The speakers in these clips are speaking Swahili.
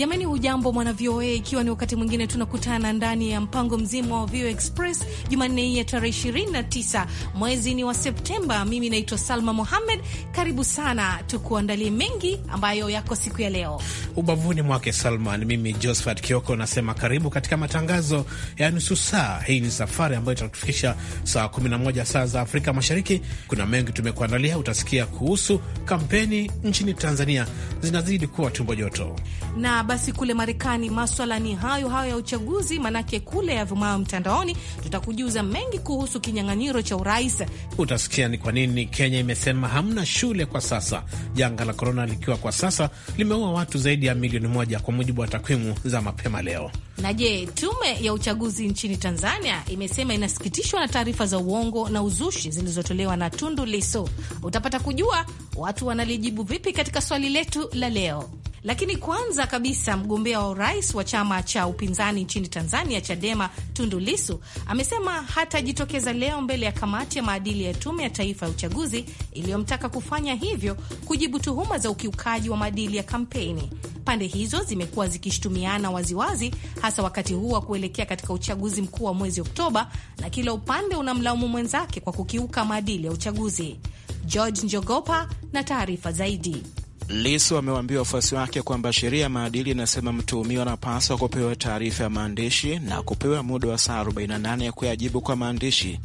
Jamani, hujambo mwana VOA, ikiwa ni wakati mwingine tunakutana ndani ya mpango mzima wa VOA Express Jumanne hii ya tarehe 29 mwezi ni wa Septemba. Mimi naitwa Salma Mohamed, karibu sana tukuandalie mengi ambayo yako siku ya leo. Ubavuni mwake Salman, mimi Josephat Kioko nasema karibu katika matangazo ya nusu saa. Hii ni safari ambayo itatufikisha saa 11 saa za Afrika Mashariki. Kuna mengi tumekuandalia, utasikia kuhusu kampeni nchini Tanzania zinazidi kuwa tumbo joto na basi kule Marekani maswala ni hayo hayo ya uchaguzi, manake kule yavumayo mtandaoni, tutakujuza mengi kuhusu kinyang'anyiro cha urais. Utasikia ni kwa nini Kenya imesema hamna shule kwa sasa, janga la korona likiwa kwa sasa limeua watu zaidi ya milioni moja kwa mujibu wa takwimu za mapema leo. Na je, tume ya uchaguzi nchini Tanzania imesema inasikitishwa na taarifa za uongo na uzushi zilizotolewa na Tundu Lissu. Utapata kujua watu wanalijibu vipi katika swali letu la leo, lakini kwanza kabisa Malisa, mgombea wa urais wa chama cha upinzani nchini Tanzania, Chadema, Tundu Lisu, amesema hatajitokeza leo mbele ya kamati ya maadili ya Tume ya Taifa ya Uchaguzi iliyomtaka kufanya hivyo kujibu tuhuma za ukiukaji wa maadili ya kampeni. Pande hizo zimekuwa zikishutumiana waziwazi, hasa wakati huu wa kuelekea katika uchaguzi mkuu wa mwezi Oktoba, na kila upande unamlaumu mwenzake kwa kukiuka maadili ya uchaguzi. George Njogopa na taarifa zaidi. Lisu amewaambia wafuasi wake kwamba sheria ya maadili inasema mtuhumiwa anapaswa kupewa taarifa ya maandishi na kupewa muda wa saa 48 ya kuyajibu kwa maandishi,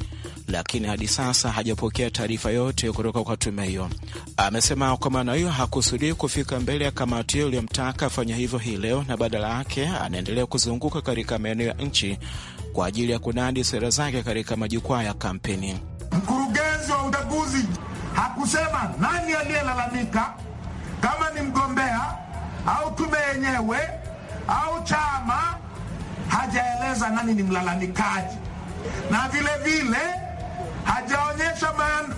lakini hadi sasa hajapokea taarifa yote kutoka kwa tume hiyo. Amesema kwa maana hiyo hakusudii kufika mbele ya kamati hiyo iliyomtaka afanya hivyo hii leo, na badala yake anaendelea kuzunguka katika maeneo ya nchi kwa ajili ya kunadi sera zake katika majukwaa ya kampeni. Mkurugenzi wa uchaguzi hakusema nani aliyelalamika kama ni mgombea au tume yenyewe au chama, hajaeleza nani ni mlalamikaji, na vile vile hajaonyesha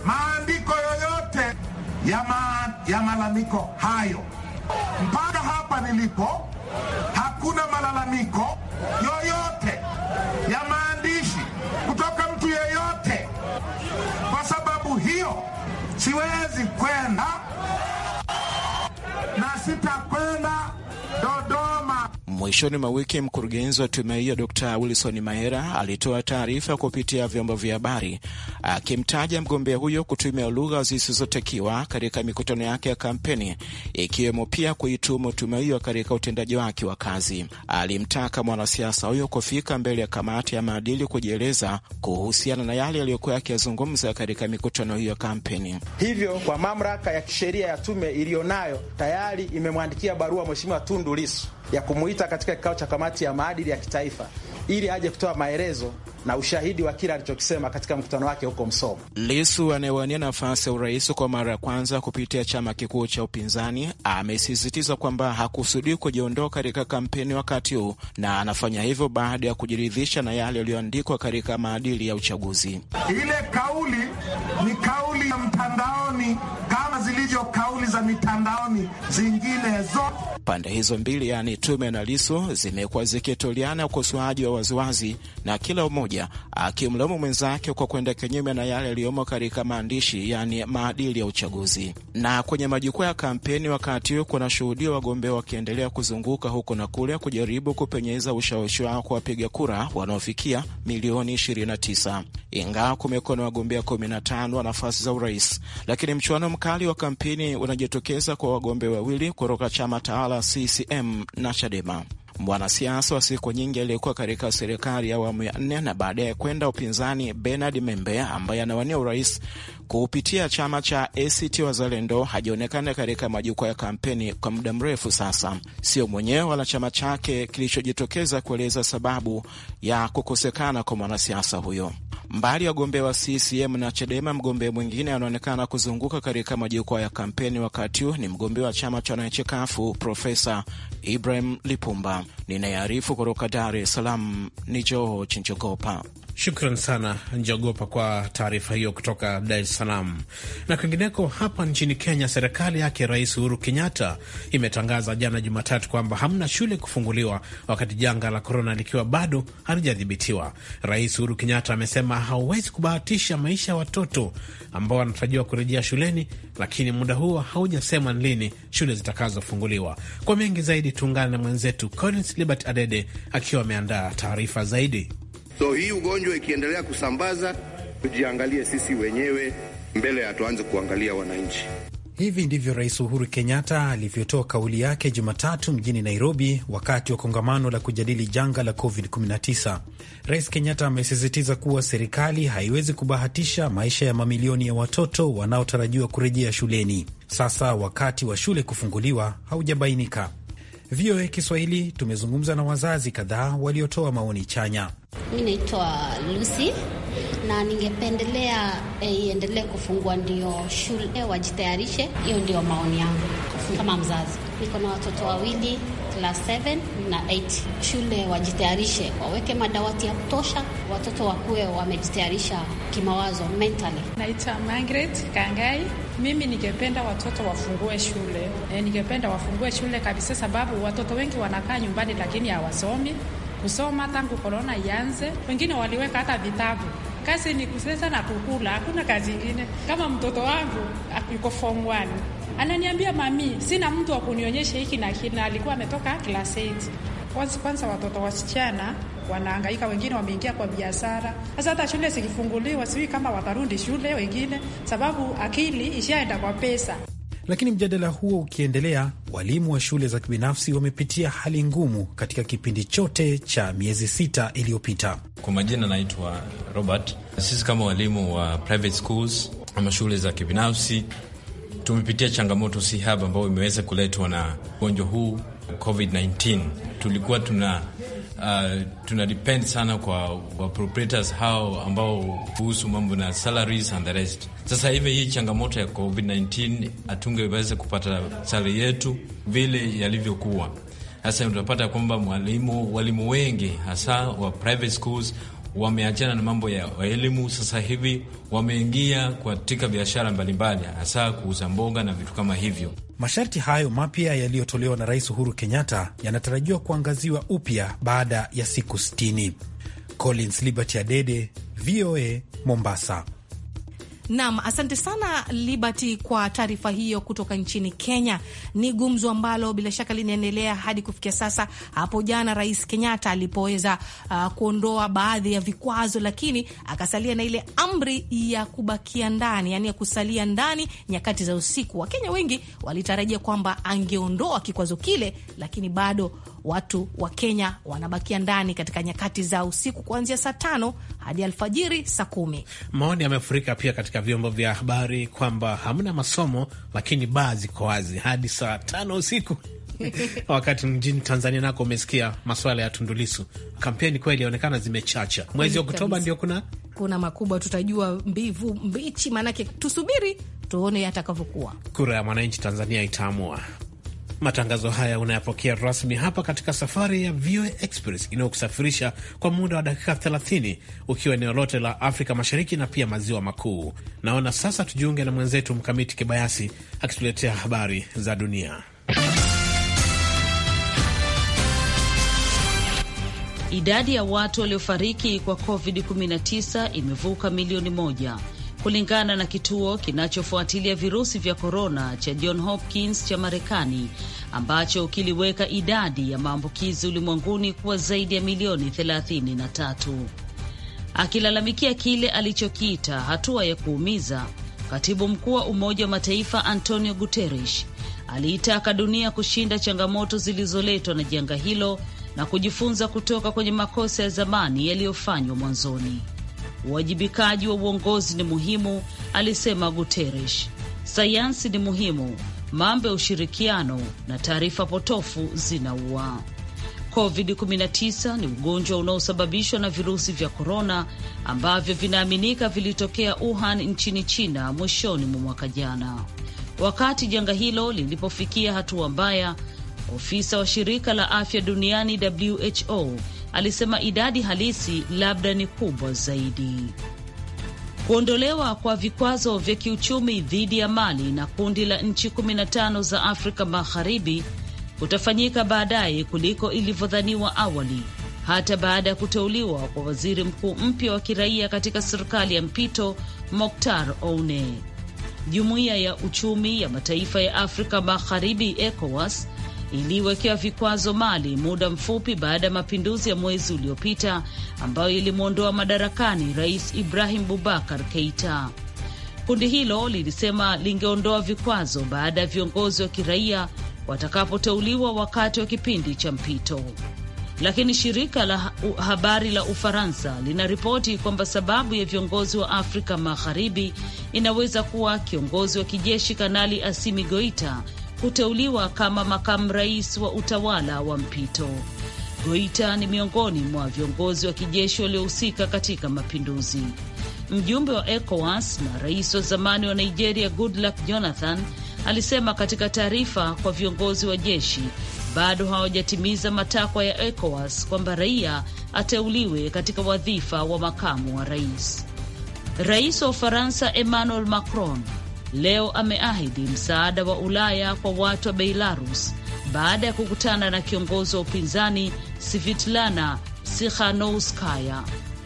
maandiko yoyote ya, ma, ya malalamiko hayo. Mpaka hapa nilipo, hakuna malalamiko yoyote ya maandishi kutoka mtu yeyote. Kwa sababu hiyo, siwezi kwenda 妈妈。Mwishoni mwa wiki mkurugenzi wa tume hiyo Dr Wilson Mahera alitoa taarifa kupitia vyombo vya habari akimtaja mgombea huyo kutumia lugha zisizotakiwa katika mikutano yake ya kampeni, ikiwemo pia kuitumu tume hiyo katika utendaji wake wa kazi. Alimtaka mwanasiasa huyo kufika mbele ya kamati ya maadili kujieleza kuhusiana na yale yaliyokuwa yakiyazungumza katika mikutano hiyo ya kampeni. Hivyo kwa mamlaka ya kisheria ya tume iliyonayo tayari imemwandikia barua Mheshimiwa Tundu Lisu ya kumuita katika kikao cha kamati ya maadili ya kitaifa ili aje kutoa maelezo na ushahidi wa kile alichokisema katika mkutano wake huko Msomo. Lisu anayewania nafasi ya urais kwa mara ya kwanza kupitia chama kikuu cha upinzani amesisitiza kwamba hakusudii kujiondoa katika kampeni wakati huu na anafanya hivyo baada ya kujiridhisha na yale yaliyoandikwa katika maadili ya uchaguzi. Ile kauli ni kauli ya mtandaoni za mitandaoni zingine zote. Pande hizo mbili, yaani Tume na Lisu, zimekuwa zikitoleana ukosoaji wa waziwazi, na kila mmoja akimlaumu mwenzake kwa kwenda kinyume na yale yaliyomo katika maandishi, yaani maadili ya uchaguzi. Na kwenye majukwaa ya kampeni, wakati huu kunashuhudia wagombea wakiendelea kuzunguka huko na kule kujaribu kupenyeza ushawishi wao kwa wapiga kura wanaofikia milioni 29, ingawa kumekuwa na wagombea 15 wa nafasi za urais, lakini mchuano mkali wa kampeni unaj kujitokeza kwa wagombea wawili kutoka chama tawala CCM na Chadema. Mwanasiasa wa siku nyingi aliyekuwa katika serikali ya awamu ya nne na baadaye kwenda upinzani Bernard Membe ambaye anawania urais kupitia chama cha ACT Wazalendo hajaonekana katika majukwaa ya kampeni kwa muda mrefu sasa, sio mwenyewe wala chama chake kilichojitokeza kueleza sababu ya kukosekana kwa mwanasiasa huyo. Mbali ya wagombea wa CCM na CHADEMA, mgombea mwingine anaonekana kuzunguka katika majukwaa ya kampeni wakati huu ni mgombea wa chama cha wananchi kafu Profesa Ibrahim Lipumba. Ninayearifu kutoka Dar es Salaam ni Joho Njogopa. Shukran sana Njogopa kwa taarifa hiyo kutoka Dar es Salaam. Na kwingineko hapa nchini Kenya, serikali yake Rais Uhuru Kenyatta imetangaza jana Jumatatu kwamba hamna shule kufunguliwa wakati janga la korona likiwa bado halijadhibitiwa. Rais Uhuru Kenyatta amesema hauwezi kubahatisha maisha ya watoto ambao wanatarajiwa kurejea shuleni, lakini muda huo haujasema ni lini shule zitakazofunguliwa. Kwa mengi zaidi, tuungane na mwenzetu Collins Libert Adede akiwa ameandaa taarifa zaidi. So hii ugonjwa ikiendelea kusambaza, tujiangalie sisi wenyewe mbele ya tuanze kuangalia wananchi. Hivi ndivyo Rais Uhuru Kenyatta alivyotoa kauli yake Jumatatu mjini Nairobi wakati wa kongamano la kujadili janga la COVID-19. Rais Kenyatta amesisitiza kuwa serikali haiwezi kubahatisha maisha ya mamilioni ya watoto wanaotarajiwa kurejea shuleni. Sasa wakati wa shule kufunguliwa haujabainika. VOA Kiswahili tumezungumza na wazazi kadhaa waliotoa maoni chanya. Mi naitwa Lucy na ningependelea eh, iendelee kufungua, ndio shule wajitayarishe. Hiyo ndio maoni yangu kama mzazi. Niko na watoto wawili class 7 na 8. Shule wajitayarishe, waweke madawati ya kutosha, watoto wakuwe wamejitayarisha kimawazo, mentally. Naitwa Margaret Kangai. Mimi ningependa watoto wafungue shule e, ningependa wafungue shule kabisa, sababu watoto wengi wanakaa nyumbani lakini hawasomi kusoma tangu korona ianze. Wengine waliweka hata vitabu. Kazi ni kucheza na kukula, hakuna kazi ingine. Kama mtoto wangu ah, yuko form 1 ananiambia mami, sina mtu wa kunionyesha hiki na kina. Alikuwa ametoka class 8. Kwanza kwanza watoto wasichana wanaangaika, wengine wameingia kwa biashara. Sasa hata shule zikifunguliwa, sijui kama watarudi shule wengine, sababu akili ishaenda kwa pesa. Lakini mjadala huo ukiendelea, walimu wa shule za kibinafsi wamepitia hali ngumu katika kipindi chote cha miezi sita iliyopita. Kwa majina, anaitwa Robert. Sisi kama walimu wa private schools ama shule za kibinafsi tumepitia changamoto si haba ambayo imeweza kuletwa na ugonjwa huu COVID-19. Tulikuwa tuna uh, tuna depend sana kwa wa proprietors hao ambao kuhusu mambo na salaries and the rest. Sasa hivi hii changamoto ya COVID-19 hatungeweza kupata salary yetu vile yalivyokuwa. Sasa utapata kwamba mwalimu walimu wengi hasa wa private schools wameachana na mambo ya elimu. Sasa hivi wameingia katika biashara mbalimbali, hasa kuuza mboga na vitu kama hivyo. Masharti hayo mapya yaliyotolewa na Rais Uhuru Kenyatta yanatarajiwa kuangaziwa upya baada ya siku 60. Collins Liberty Adede, VOA, Mombasa. Naam, asante sana Liberty kwa taarifa hiyo kutoka nchini Kenya. Ni gumzo ambalo bila shaka linaendelea hadi kufikia sasa. Hapo jana Rais Kenyatta alipoweza uh, kuondoa baadhi ya vikwazo, lakini akasalia na ile amri ya kubakia ndani, yani ya kusalia ndani nyakati za usiku. Wakenya wengi walitarajia kwamba angeondoa kikwazo kile, lakini bado watu wa Kenya wanabakia ndani katika nyakati za usiku kuanzia saa tano hadi alfajiri saa kumi. Maoni yamefurika pia katika vyombo vya habari kwamba hamna masomo, lakini baa ziko wazi hadi saa tano usiku. Wakati mjini Tanzania nako umesikia maswala ya Tundulisu. Kampeni kweli ilionekana zimechacha. Mwezi Oktoba ndio kuna kuna makubwa, tutajua mbivu mbichi, maanake tusubiri tuone yatakavyokuwa. Kura ya mwananchi Tanzania itaamua. Matangazo haya unayapokea rasmi hapa katika safari ya VOA Express inayokusafirisha kwa muda wa dakika 30 ukiwa eneo lote la Afrika Mashariki na pia maziwa makuu. Naona sasa tujiunge na mwenzetu Mkamiti Kibayasi akituletea habari za dunia. Idadi ya watu waliofariki kwa COVID-19 imevuka milioni moja kulingana na kituo kinachofuatilia virusi vya korona cha John Hopkins cha Marekani ambacho kiliweka idadi ya maambukizi ulimwenguni kuwa zaidi ya milioni 33. Akilalamikia kile alichokiita hatua ya kuumiza, katibu mkuu wa Umoja wa Mataifa Antonio Guterres aliitaka dunia kushinda changamoto zilizoletwa na janga hilo na kujifunza kutoka kwenye makosa ya zamani yaliyofanywa mwanzoni. Uwajibikaji wa uongozi ni muhimu, alisema Guterres. Sayansi ni muhimu, mambo ya ushirikiano na taarifa potofu zinaua. COVID-19 ni ugonjwa unaosababishwa na virusi vya korona ambavyo vinaaminika vilitokea Wuhan nchini China mwishoni mwa mwaka jana. Wakati janga hilo lilipofikia hatua mbaya, ofisa wa shirika la afya duniani WHO alisema idadi halisi labda ni kubwa zaidi. Kuondolewa kwa vikwazo vya kiuchumi dhidi ya Mali na kundi la nchi 15 za Afrika Magharibi kutafanyika baadaye kuliko ilivyodhaniwa awali, hata baada ya kuteuliwa kwa waziri mkuu mpya wa kiraia katika serikali ya mpito Moktar Oune. Jumuiya ya uchumi ya mataifa ya Afrika Magharibi, ECOWAS, iliwekewa vikwazo Mali muda mfupi baada ya mapinduzi ya mwezi uliopita ambayo ilimwondoa madarakani Rais Ibrahim bubakar Keita. Kundi hilo lilisema lingeondoa vikwazo baada ya viongozi wa kiraia watakapoteuliwa wakati wa kipindi cha mpito. Lakini shirika la habari la Ufaransa linaripoti kwamba sababu ya viongozi wa Afrika Magharibi inaweza kuwa kiongozi wa kijeshi Kanali Asimi Goita kuteuliwa kama makamu rais wa utawala wa mpito. Goita ni miongoni mwa viongozi wa kijeshi waliohusika katika mapinduzi. Mjumbe wa ECOWAS na rais wa zamani wa Nigeria Goodluck Jonathan alisema katika taarifa kwa viongozi wa jeshi bado hawajatimiza matakwa ya ECOWAS kwamba raia ateuliwe katika wadhifa wa makamu wa rais. Rais wa Ufaransa Emmanuel Macron leo ameahidi msaada wa Ulaya kwa watu wa Belarus baada ya kukutana na kiongozi wa upinzani Svitlana Sikhanouskaya.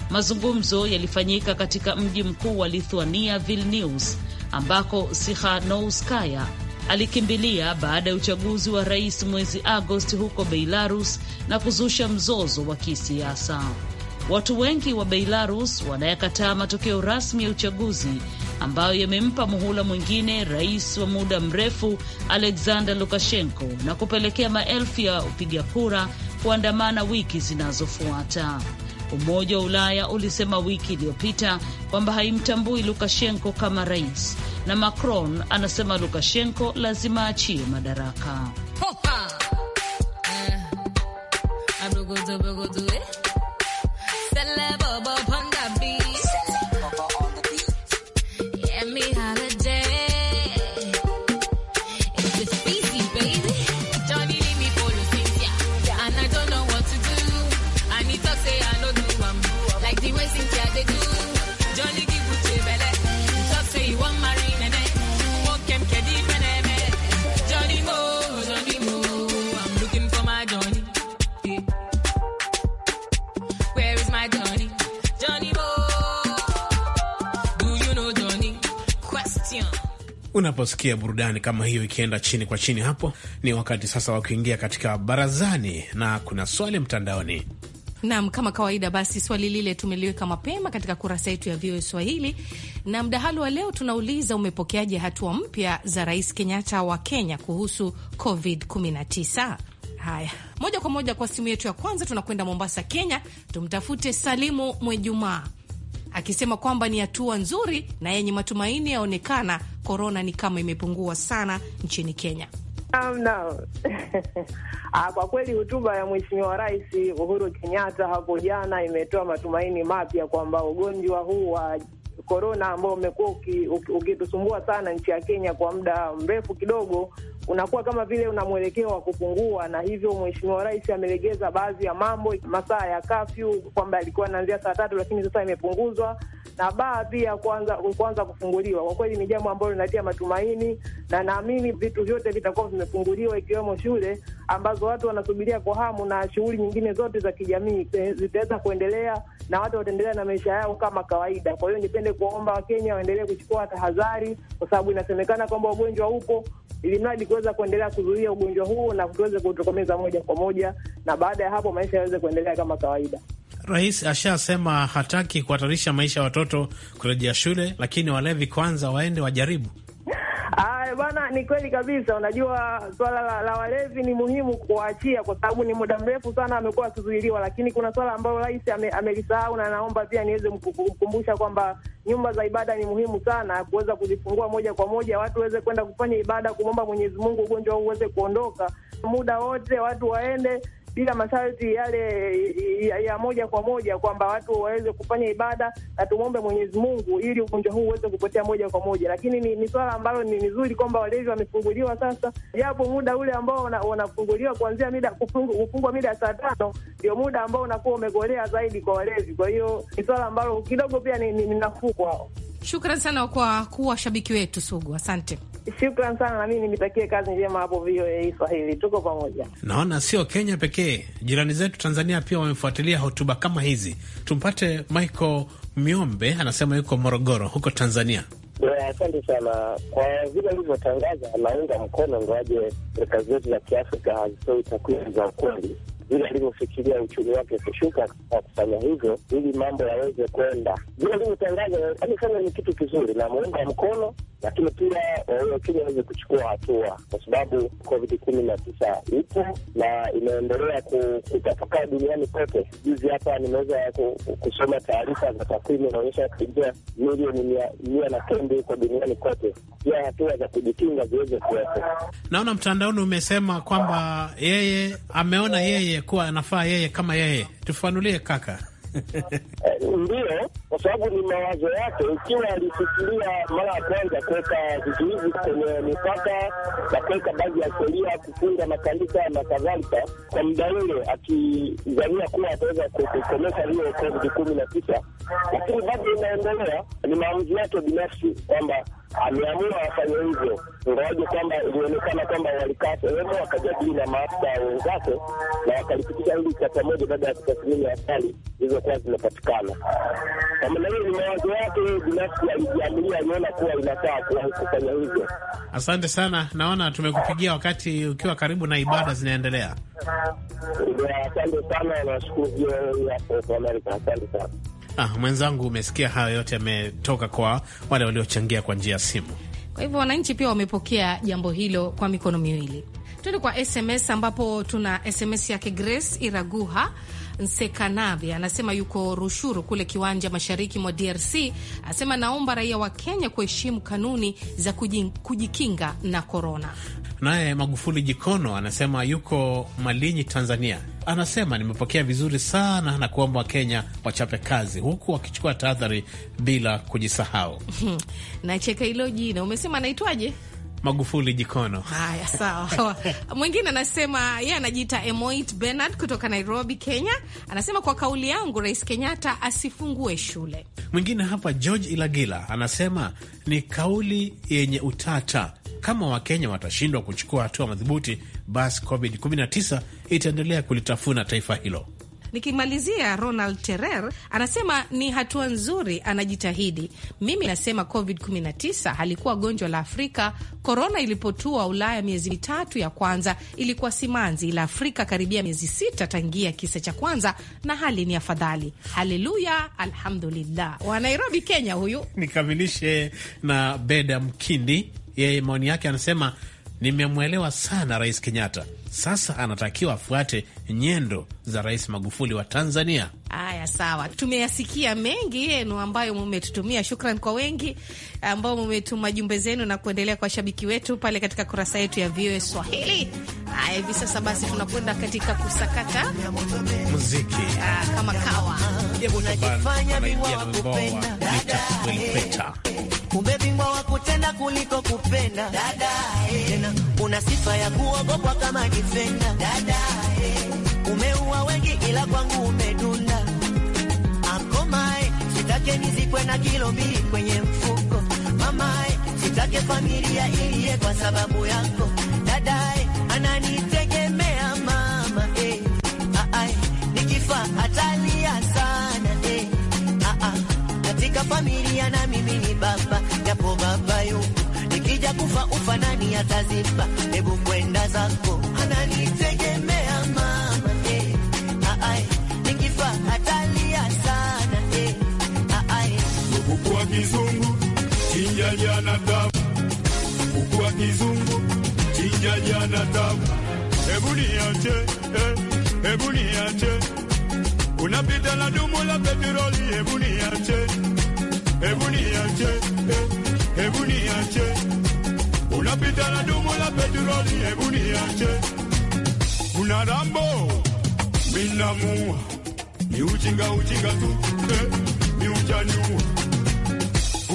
Mazungumzo yalifanyika katika mji mkuu wa Lithuania, Vilnius, ambako Sikhanouskaya alikimbilia baada ya uchaguzi wa rais mwezi Agosti huko Belarus na kuzusha mzozo wa kisiasa. Watu wengi wa Belarus wanayekataa matokeo rasmi ya uchaguzi ambayo yamempa muhula mwingine rais wa muda mrefu Alexander Lukashenko na kupelekea maelfu ya upiga kura kuandamana wiki zinazofuata. Umoja wa Ulaya ulisema wiki iliyopita kwamba haimtambui Lukashenko kama rais, na Macron anasema Lukashenko lazima achie madaraka. Unaposikia burudani kama hiyo ikienda chini kwa chini, hapo ni wakati sasa wa kuingia katika barazani, na kuna swali mtandaoni. Naam, kama kawaida basi swali lile tumeliweka mapema katika kurasa yetu ya VOA Swahili, na mdahalo wa leo tunauliza, umepokeaje hatua mpya za Rais Kenyatta wa Kenya kuhusu COVID-19? Haya, moja kwa moja kwa simu yetu ya kwanza tunakwenda Mombasa, Kenya, tumtafute Salimu Mwejumaa akisema kwamba ni hatua nzuri na yenye matumaini yaonekana korona ni kama imepungua sana nchini Kenya. Um, no. Ah, kwa kweli hotuba ya Mheshimiwa Rais Uhuru Kenyatta hapo jana imetoa matumaini mapya kwamba ugonjwa huu wa korona ambao umekuwa ukitusumbua sana nchi ya Kenya kwa muda mrefu kidogo unakuwa kama vile una mwelekeo wa kupungua, na hivyo Mheshimiwa Rais amelegeza baadhi ya mambo, masaa ya kafyu kwamba alikuwa yanaanzia saa tatu, lakini sasa imepunguzwa na baa pia kuanza kuanza kufunguliwa. Kwa kweli ni jambo ambalo linatia matumaini, na naamini vitu vyote vitakuwa vimefunguliwa, ikiwemo shule ambazo watu wanasubiria kwa hamu, na shughuli nyingine zote za kijamii eh, zitaweza kuendelea na watu wataendelea na maisha yao kama kawaida. Kwa hiyo nipende kuwaomba Wakenya waendelee kuchukua tahadhari, kwa sababu inasemekana kwamba ugonjwa upo, ili mradi kuweza kuendelea kuzuia ugonjwa huo na tuweze kutokomeza moja kwa moja, na baada ya hapo maisha yaweze kuendelea kama kawaida. Rais ashasema hataki kuhatarisha maisha ya watoto kurejea shule, lakini walevi kwanza waende wajaribu ah, Eh, bwana, ni kweli kabisa. Unajua swala la, la walevi ni muhimu kuwaachia, kwa sababu ni muda mrefu sana amekuwa akizuiliwa, lakini kuna swala ambalo rais amelisahau ame, na naomba pia niweze kumkumbusha kwamba nyumba za ibada ni muhimu sana kuweza kuzifungua moja kwa moja, watu waweze kwenda kufanya ibada, kumwomba Mwenyezi Mungu ugonjwa huu uweze kuondoka muda wote, watu waende bila masharti yale ya, ya moja kwa moja kwamba watu waweze kufanya ibada na tumwombe Mwenyezi Mungu ili ugonjwa huu uweze kupotea moja kwa moja. Lakini ni, ni swala ambalo ni nzuri kwamba walevi wamefunguliwa sasa, japo muda ule ambao wanafunguliwa kuanzia mida kufungwa mida ya saa tano ndio muda ambao unakuwa umegolea zaidi kwa walevi. Kwa hiyo ni swala ambalo kidogo pia ni, ni, ni nafuu kwao. Shukran sana kwa kuwa shabiki wetu sugu, asante. Shukran sana, mimi nitakie kazi njema hapo VOA Swahili, tuko pamoja. Naona sio Kenya pekee, jirani zetu Tanzania pia wamefuatilia hotuba kama hizi. Tumpate Michael Myombe, anasema yuko Morogoro huko Tanzania. Eh, asante sana kwa vile alivyotangaza, anaunga mkono, ngoaje serikali zetu za Kiafrika hazitoi takwimu za ukweli vile alivyofikiria uchumi wake kushuka kwa kufanya hivyo, ili mambo yaweze kwenda vile alivyotangaza. Alifanya ni kitu kizuri, namuunga mkono lakini pia Wakenya eh, waweze kuchukua hatua, kwa sababu COVID kumi na tisa ipo na imeendelea kutapakaa duniani kote. Juzi hapa nimeweza kusoma taarifa za takwimu inaonyesha kuingia milioni mia na kenda huko duniani kote. Pia hatua za kujikinga ziweze kuwepo. Naona mtandaoni umesema kwamba yeye ameona yeye kuwa anafaa yeye kama yeye, tufanulie kaka. Eh, Ndiyo, kwa sababu ni mawazo yake. Ikiwa alifikiria mara ya kwanza kuweka vitu hivi kwenye mipaka na kuweka baadhi ya sheria kufunga makanisa na kadhalika, kwa muda ule akizania kuwa ataweza kukomesha hiyo COVID kumi na tisa, lakini bado inaendelea. Ni maamuzi yake binafsi kwamba ameamua afanye hivyo, ingawaje kwamba ilionekana kwamba walikaa sehemu wakajadili na maafisa wenzake na wakalipitisha hili kata pamoja, baada ya kutathmini hatari zilizokuwa zimepatikana. Kwa maana hiyo, ni mawazo yake binafsi, alijiamilia aliona kuwa inafaa kuwa kufanya hivyo. Asante sana, naona tumekupigia wakati ukiwa karibu na ibada zinaendelea. Asante sana, nashukuru. Asante sana. Ah, mwenzangu, umesikia hayo yote yametoka kwa wale waliochangia kwa njia ya simu. Kwa hivyo wananchi pia wamepokea jambo hilo kwa mikono miwili. Tuende kwa SMS ambapo tuna SMS yake Grace Iraguha nsekanavi anasema yuko Rushuru kule Kiwanja, mashariki mwa DRC. Anasema naomba raia wa Kenya kuheshimu kanuni za kujikinga na korona. Naye Magufuli Jikono anasema yuko Malinyi, Tanzania anasema nimepokea vizuri sana na kuomba Wakenya wachape kazi huku wakichukua tahadhari bila kujisahau. Nacheka hilo jina, umesema anaitwaje? Magufuli jikono. Haya, sawa. Mwingine anasema yeye anajiita Emoit Bernard kutoka Nairobi, Kenya, anasema kwa kauli yangu Rais Kenyatta asifungue shule. Mwingine hapa George Ilagila anasema ni kauli yenye utata kama Wakenya watashindwa kuchukua hatua madhubuti, basi COVID-19 itaendelea kulitafuna taifa hilo. Nikimalizia, Ronald Terer anasema ni hatua nzuri, anajitahidi. Mimi nasema COVID-19 halikuwa gonjwa la Afrika. Korona ilipotua Ulaya miezi mitatu ya kwanza ilikuwa simanzi, ila Afrika karibia miezi sita tangia kisa cha kwanza, na hali ni afadhali. Haleluya, alhamdulillah. Wa Nairobi, Kenya huyu. Nikamilishe na Beda Mkindi, yeye maoni yake anasema nimemwelewa sana Rais Kenyatta sasa anatakiwa afuate nyendo za Rais Magufuli wa Tanzania. Haya, sawa, tumeyasikia mengi yenu ambayo mumetutumia. Shukran kwa wengi ambao mumetuma jumbe zenu na kuendelea kwa shabiki wetu pale katika kurasa yetu ya VOA Swahili. Haya, hivi sasa basi tunakwenda katika kusakata muziki ah, kama kawa kumbe bingwa wa kutenda kuliko kupenda dada, eh una sifa ya kuogopwa kama difenda dada, eh, umeua wengi ila kwangu umedunda akomae eh, sitake nizikwe na kilo mbili kwenye mfuko mamae, eh, sitake familia iliye kwa sababu yako dadae eh, anani ufa ufa, nani atazipa? Hebu kwenda zako, ananitegemea mama eh, a ah, ai ningifa atalia sana eh, a ah, ai wa kizungu chinja jana tabu, kuku kizungu chinja jana tabu, hebu niache eh, hebu niache unapita na dumu la petroli, hebu niache hebu niache eh, hebu niache unapita na dumu la petroli, hebu niache. Una rambo minamua, eh, ni ujinga ujinga tu eh, ni ujanua.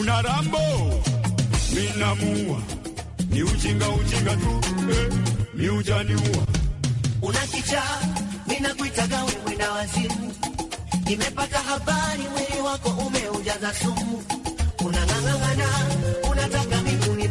Una rambo minamua, ni ujinga ujinga tu eh, ni ujanua. Una kichaa, ninakuitaga wewe na wazimu, nimepata habari mwili wako umeujaza sumu, unang'ang'ana unataka miguu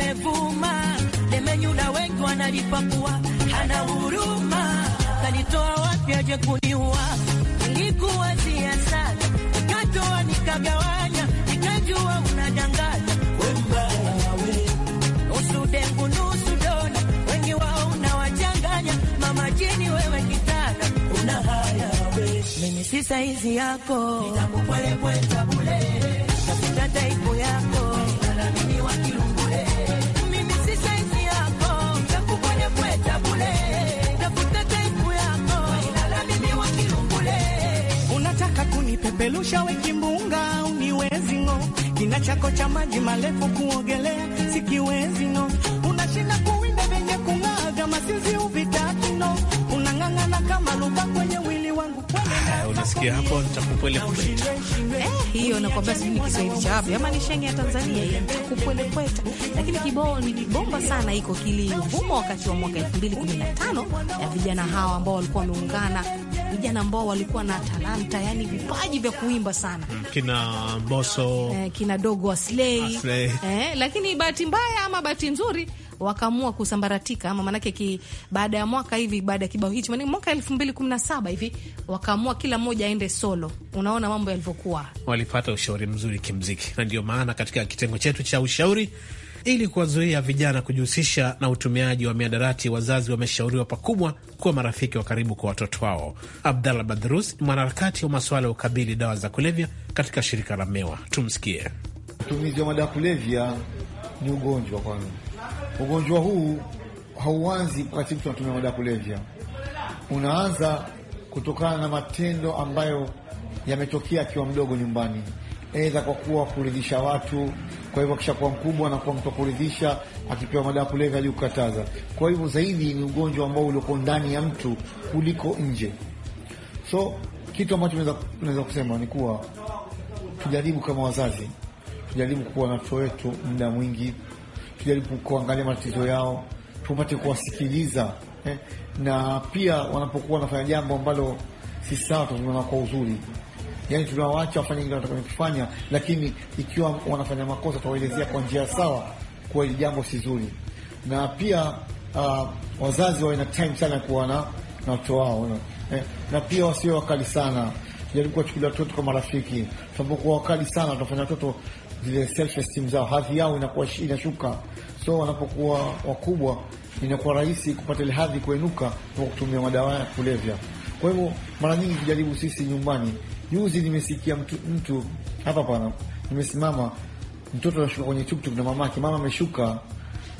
limevuma, limenyula, wengi wanalipakua, hana huruma, kalitoa wapi aje kuniua? Nilikuwazia siasa nikatoa nikagawanya, nikajua unadanganya, nusu dona, wengi wao unawachanganya, wewe si saizi yako, nitakupwele tabule, tafuta pelusha we kimbunga uniwezi ng'o, kina chako cha maji marefu kuogelea sikiwezi ng'o, unashinda kuwinda vyenye kung'aga masizi sinzi uvitatu no, unang'ang'ana kama luka kwenye wili wangu Unasikia hapo takupwele eh, hiyo, nakwambia sijui ni Kiswahili cha hapo ama ni shengi ya Tanzania hiyo, takupwele kweta. Lakini kibao ni kibomba sana, iko kilivuma wakati wa mwaka 2015 ya vijana hawa ambao walikuwa wameungana vijana ambao walikuwa na talanta, yani vipaji vya kuimba sana, mm, kina Mboso eh, kina Dogo Aslay eh, lakini bahati mbaya ama bahati nzuri wakaamua kusambaratika ama maanake, baada ya mwaka hivi, baada ya kibao hichi, maana mwaka saba hivi wakaamua kila mmoja aende solo. Unaona mambo yalivyokuwa, walipata ushauri mzuri kimziki, na ndio maana katika kitengo chetu cha ushauri ili kuwazuia vijana kujihusisha na utumiaji wa miadarati, wazazi wameshauriwa pakubwa kuwa marafiki wa karibu kwa watoto wao. Abdallah Badrus ni mwanaharakati wa masuala ya ukabili dawa za kulevya katika shirika la Mewa. Tumsikie. Utumizi wa madawa ya kulevya ni ugonjwa kwanza. Ugonjwa huu hauanzi wakati mtu anatumia madawa ya kulevya, unaanza kutokana na matendo ambayo yametokea akiwa mdogo nyumbani, aidha kwa kuwa kuridhisha watu kwa hivyo akishakuwa mkubwa anakuwa mtu kuridhisha, akipewa madawa kulevya kukataza. Kwa hivyo zaidi ni ugonjwa ambao ulioko ndani ya mtu kuliko nje. So kitu ambacho tunaweza kusema ni kuwa tujaribu kama wazazi, tujaribu kuwa na watoto wetu muda mwingi, tujaribu kuangalia matatizo yao, tupate kuwasikiliza eh, na pia wanapokuwa wanafanya jambo ambalo si sawa, tunaona kwa uzuri yani tunawaacha wafanye ile watakayofanya, lakini ikiwa wanafanya makosa tuwaelezea kwa njia sawa kuwa ili jambo si zuri, na pia uh, wazazi wawe na time sana kuwa na watoto wao eh, na pia wasiwe wakali sana. jaribu kuwachukulia watoto kwa marafiki, sababu Tunapokuwa wakali sana, watafanya watoto zile self esteem zao, hadhi yao inakuwa inashuka, so wanapokuwa wakubwa inakuwa rahisi kupata ile hadhi kuenuka kwa kutumia madawa ya kulevya. Kwa hivyo mara nyingi tujaribu sisi nyumbani Juzi nimesikia mtu, mtu hapa pana nimesimama, mtoto anashuka kwenye tuktuk na mamake, mama ameshuka,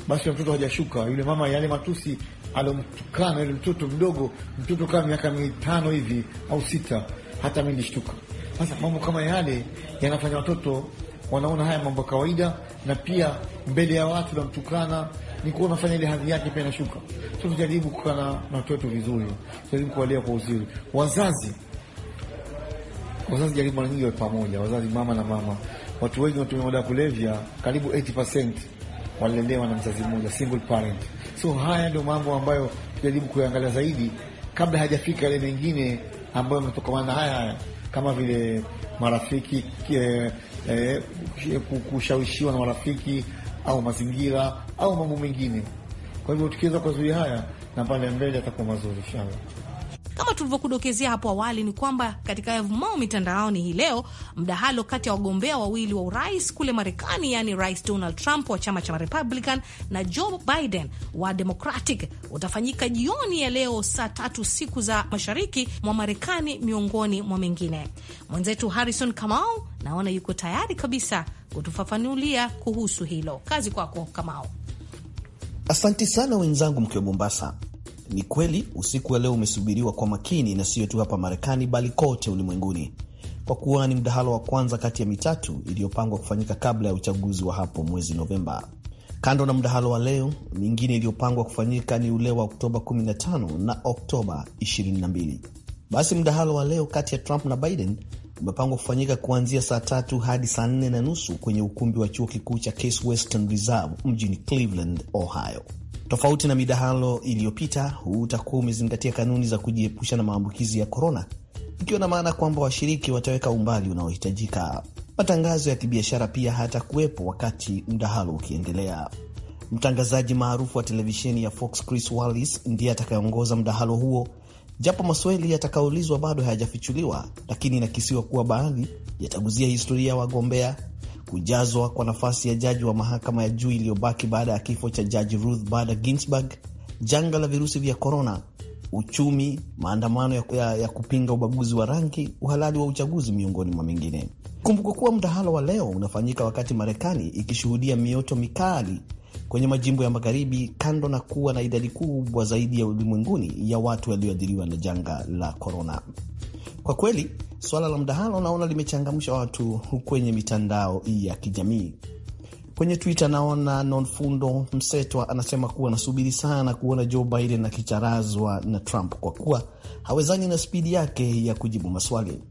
basi mtoto hajashuka. Yule mama yale matusi alomtukana yule mtoto mdogo, mtoto kama miaka mitano hivi au sita, hata mimi nishtuka. Sasa mambo kama yale yanafanya watoto wanaona haya mambo kawaida, na pia mbele ya watu namtukana ni kuwa unafanya ile hadhi yake pia inashuka. Tujaribu kukaa na watoto vizuri, tujaribu kuwalea kwa uzuri wazazi wazazi jaribu mara nyingi pamoja, wazazi mama na mama. Watu wengi wanatumia madawa kulevya, karibu 80% walilelewa na mzazi mmoja, single parent. So haya ndio mambo ambayo tujaribu kuangalia zaidi, kabla hajafika yale mengine ambayo ametokana na haya haya, kama vile marafiki eh, eh, kushawishiwa na marafiki au mazingira au mambo mengine. Kwa hivyo tukiweza kuzuia haya na pale mbele atakuwa mazuri inshallah. Kama tulivyokudokezea hapo awali, ni kwamba katika yavumao mitandaoni hii leo, mdahalo kati ya wagombea wawili wa urais kule Marekani, yaani Rais Donald Trump wa chama cha Republican na Joe Biden wa Democratic utafanyika jioni ya leo saa tatu siku za mashariki mwa Marekani, miongoni mwa mengine. Mwenzetu Harrison Kamau naona yuko tayari kabisa kutufafanulia kuhusu hilo. Kazi kwako Kamau. Asanti sana wenzangu mkiwa Mombasa. Ni kweli usiku wa leo umesubiriwa kwa makini, na sio tu hapa Marekani bali kote ulimwenguni, kwa kuwa ni mdahalo wa kwanza kati ya mitatu iliyopangwa kufanyika kabla ya uchaguzi wa hapo mwezi Novemba. Kando na mdahalo wa leo, mingine iliyopangwa kufanyika ni ule wa Oktoba 15 na Oktoba 22. Basi mdahalo wa leo kati ya Trump na Biden umepangwa kufanyika kuanzia saa tatu hadi saa nne na nusu kwenye ukumbi wa chuo kikuu cha Case Western Reserve mjini Cleveland, Ohio. Tofauti na midahalo iliyopita, huu utakuwa umezingatia kanuni za kujiepusha na maambukizi ya korona, ikiwa na maana kwamba washiriki wataweka umbali unaohitajika. Matangazo ya kibiashara pia hatakuwepo wakati mdahalo ukiendelea. Mtangazaji maarufu wa televisheni ya Fox Chris Wallace ndiye atakayeongoza mdahalo huo, japo maswali yatakaoulizwa bado hayajafichuliwa, lakini inakisiwa kuwa baadhi yataguzia historia ya wagombea kujazwa kwa nafasi ya jaji wa mahakama ya juu iliyobaki baada ya kifo cha jaji Ruth Bader Ginsburg, janga la virusi vya korona, uchumi, maandamano ya, ya, ya kupinga ubaguzi wa rangi, uhalali wa uchaguzi, miongoni mwa mengine. Kumbuka kuwa mdahalo wa leo unafanyika wakati Marekani ikishuhudia mioto mikali kwenye majimbo ya magharibi, kando na kuwa na idadi kubwa zaidi ya ulimwenguni ya watu walioathiriwa na janga la korona. Kwa kweli suala la mdahalo naona limechangamsha watu kwenye mitandao ya kijamii. Kwenye Twitter naona Nonfundo Msetwa anasema kuwa anasubiri sana kuona Joe Biden akicharazwa na Trump kwa kuwa hawezani na spidi yake ya kujibu maswali.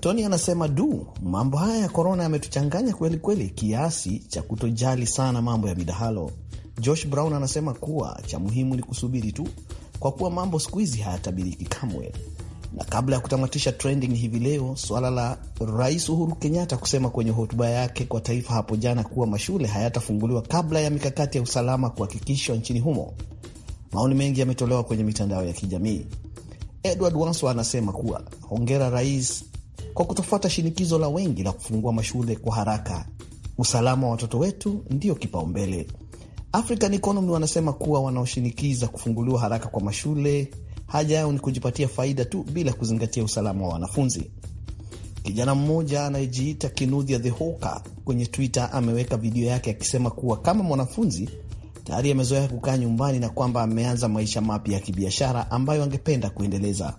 Tony anasema du, mambo haya ya korona yametuchanganya kweli kweli kiasi cha kutojali sana mambo ya midahalo. Josh Brown anasema kuwa cha muhimu ni kusubiri tu, kwa kuwa mambo siku hizi hayatabiriki kamwe. Na kabla ya kutamatisha trending hivi leo, suala la Rais Uhuru Kenyatta kusema kwenye hotuba yake kwa taifa hapo jana kuwa mashule hayatafunguliwa kabla ya mikakati ya usalama kuhakikishwa nchini humo. Maoni mengi yametolewa kwenye mitandao ya kijamii. Edward Wanso anasema kuwa hongera rais kwa kutofuata shinikizo la wengi la kufungua mashule kwa haraka. Usalama wa watoto wetu ndiyo kipaumbele. African Economy wanasema kuwa wanaoshinikiza kufunguliwa haraka kwa mashule Haja yao ni kujipatia faida tu bila kuzingatia usalama wa wanafunzi. Kijana mmoja anayejiita kinudhia the Hoka kwenye Twitter ameweka video yake akisema kuwa kama mwanafunzi tayari amezoea kukaa nyumbani na kwamba ameanza maisha mapya ya kibiashara ambayo angependa kuendeleza.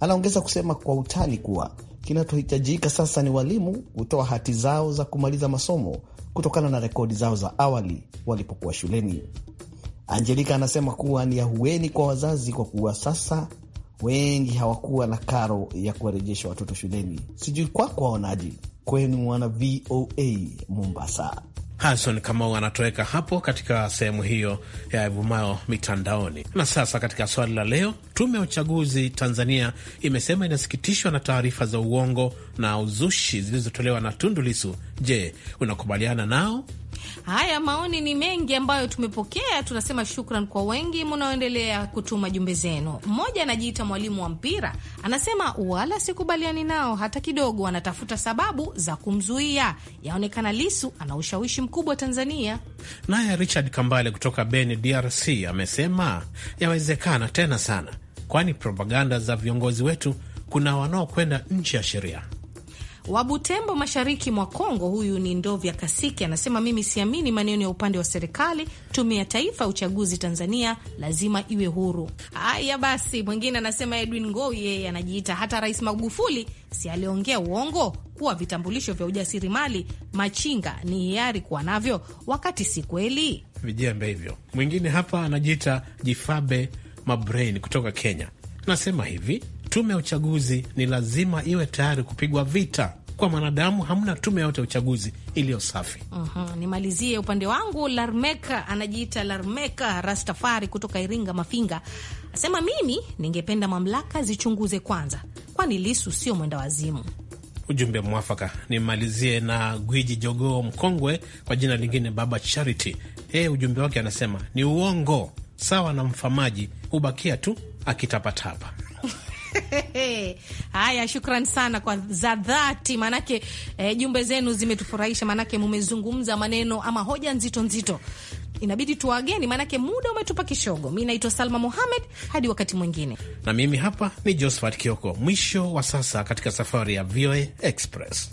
Anaongeza kusema kwa utani kuwa kinachohitajika sasa ni walimu kutoa hati zao za kumaliza masomo kutokana na rekodi zao za awali walipokuwa shuleni. Angelika anasema kuwa ni ahueni kwa wazazi kwa kuwa sasa wengi hawakuwa na karo ya kuwarejesha watoto shuleni. Sijui kwako waonaji kwenu, wana VOA Mombasa. Harison Kamau anatoweka hapo katika sehemu hiyo ya evumayo mitandaoni. Na sasa katika swali la leo, tume ya uchaguzi Tanzania imesema inasikitishwa na taarifa za uongo na uzushi zilizotolewa na Tundu Lisu. Je, unakubaliana nao Haya, maoni ni mengi ambayo tumepokea. Tunasema shukran kwa wengi mnaoendelea kutuma jumbe zenu. Mmoja anajiita mwalimu wa mpira, anasema wala sikubaliani nao hata kidogo, anatafuta sababu za kumzuia. Yaonekana Lisu ana ushawishi mkubwa Tanzania. Naye Richard Kambale kutoka Beni, DRC, amesema yawezekana tena sana, kwani propaganda za viongozi wetu kuna wanaokwenda nchi ya sheria wa Butembo, mashariki mwa Kongo. Huyu ni Ndovya Kasiki, anasema mimi siamini maneno ya upande wa serikali. Tume ya Taifa ya Uchaguzi Tanzania lazima iwe huru. Haya basi, mwingine anasema Edwin ngoi yeye anajiita hata Rais Magufuli si aliongea uongo kuwa vitambulisho vya ujasiriamali machinga ni hiari kuwa navyo, wakati si kweli, vijembe hivyo. Mwingine hapa anajiita Jifabe Mabrain kutoka Kenya, nasema hivi tume ya uchaguzi ni lazima iwe tayari kupigwa vita. Kwa mwanadamu hamna tume yote ya uchaguzi iliyo safi. Uhum, nimalizie upande wangu. Larmeka anajiita Larmeka Rastafari kutoka Iringa Mafinga asema, mimi ningependa mamlaka zichunguze kwanza, kwani Lisu sio mwenda wazimu. Ujumbe mwafaka. Nimalizie na gwiji jogoo mkongwe kwa jina lingine Baba Charity. Yeye ujumbe wake anasema ni uongo sawa na mfamaji, hubakia tu akitapatapa. Haya, shukran sana kwa za dhati, maanake eh, jumbe zenu zimetufurahisha, maanake mumezungumza maneno ama hoja nzito nzito. Inabidi tuwageni, maanake muda umetupa kishogo. Mi naitwa Salma Muhamed, hadi wakati mwingine. Na mimi hapa ni Josephat Kioko. Mwisho wa sasa katika safari ya VOA Express.